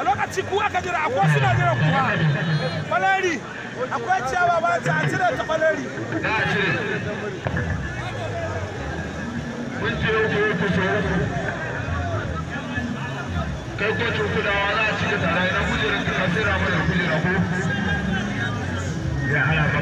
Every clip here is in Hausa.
a lokaci kuwa aka jira akwai suna jira kuwa. falari akwai ciyawa ba ta a cire ta falari ce ku ku kai ko kudawa za a cike tare na kujerar ka sai ramar da ya ala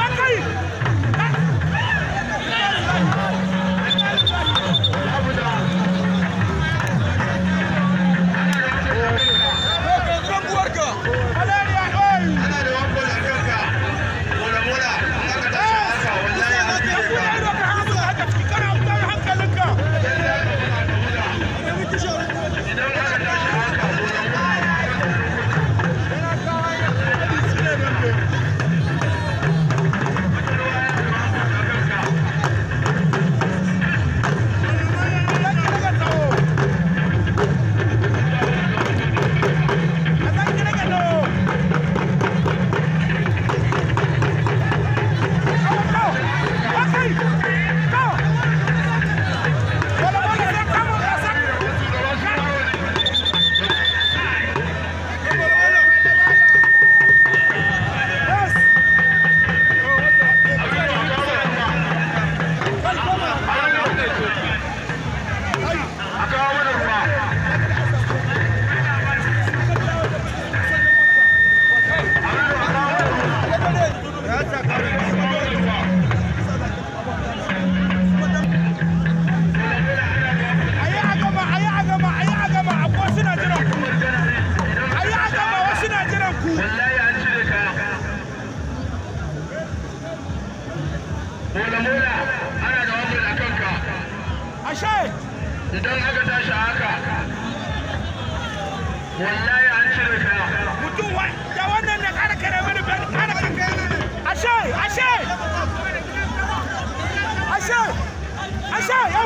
sha ya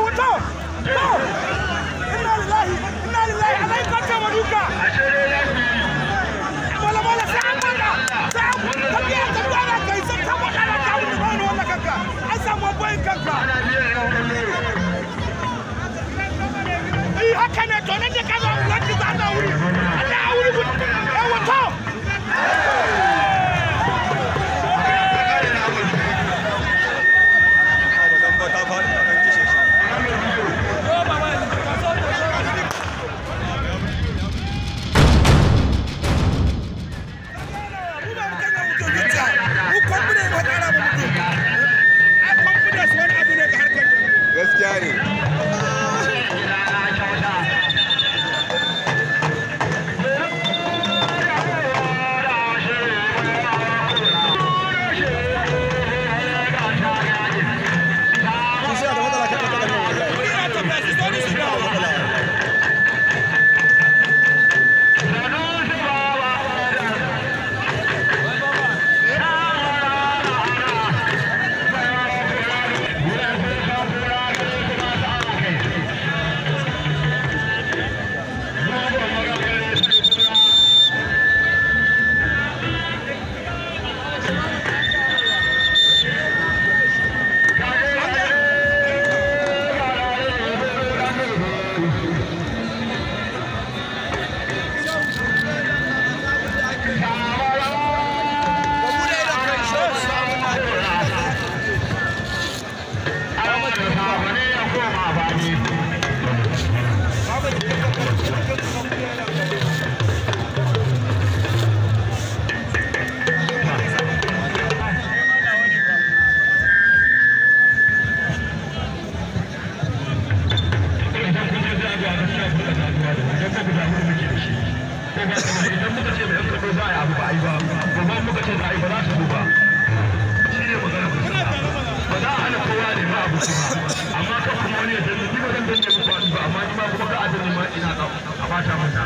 kuma ga abin ma ina ga a bata mata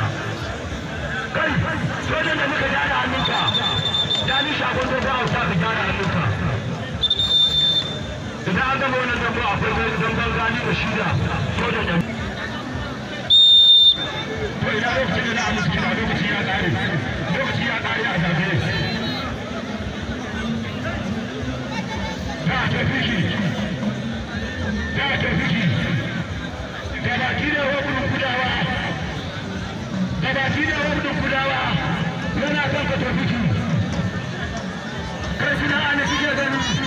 kai sojan da muka gyara hannunka ya ni shagon da ba hausa ka gyara hannunka idan an gama wannan dambo akwai zan banza gani da shida sojan da Michigan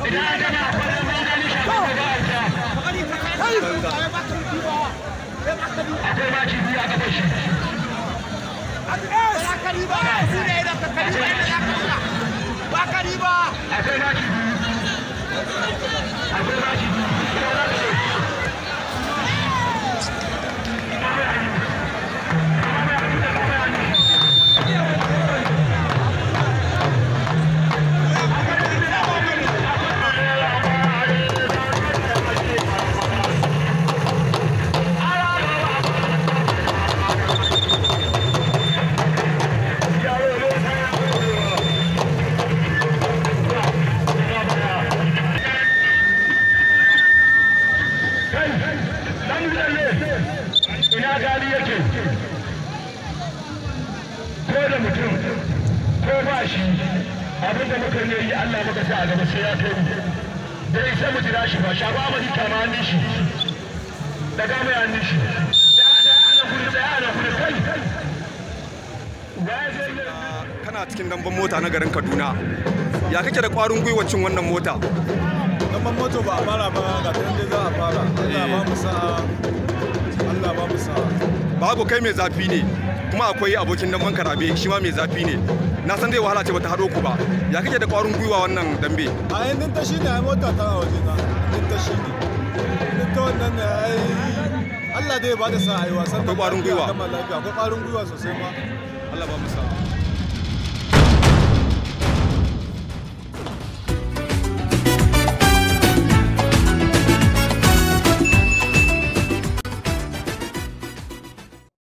akwai maki biyu a kafar shi akwai shi abin da muka ne yi Allah muka sa a gaba sai ya kai mu da isa mu jira shi ba shafa mu ta ma ni shi da ga mu hannun shi da kai kana cikin damban mota na garin Kaduna ya kake da kwarin gwiwa cin wannan mota damban moto ba a fara ba ga ta za a fara Allah ba mu Allah ba mu babu kai mai zafi ne kuma akwai abokin damban karabe shi ma mai zafi ne na san zai wahala ce bata haɗo ku ba ya kake da ƙwarin gwiwa wannan dambe a yin ta shi ne ai mota tana waje na yanzun ta shi ne yanzun ta wannan ne ai Allah dai ba da sa ai wasan da ƙwarin gwiwa akwai ƙwarin gwiwa sosai ma Allah ba mu sa'a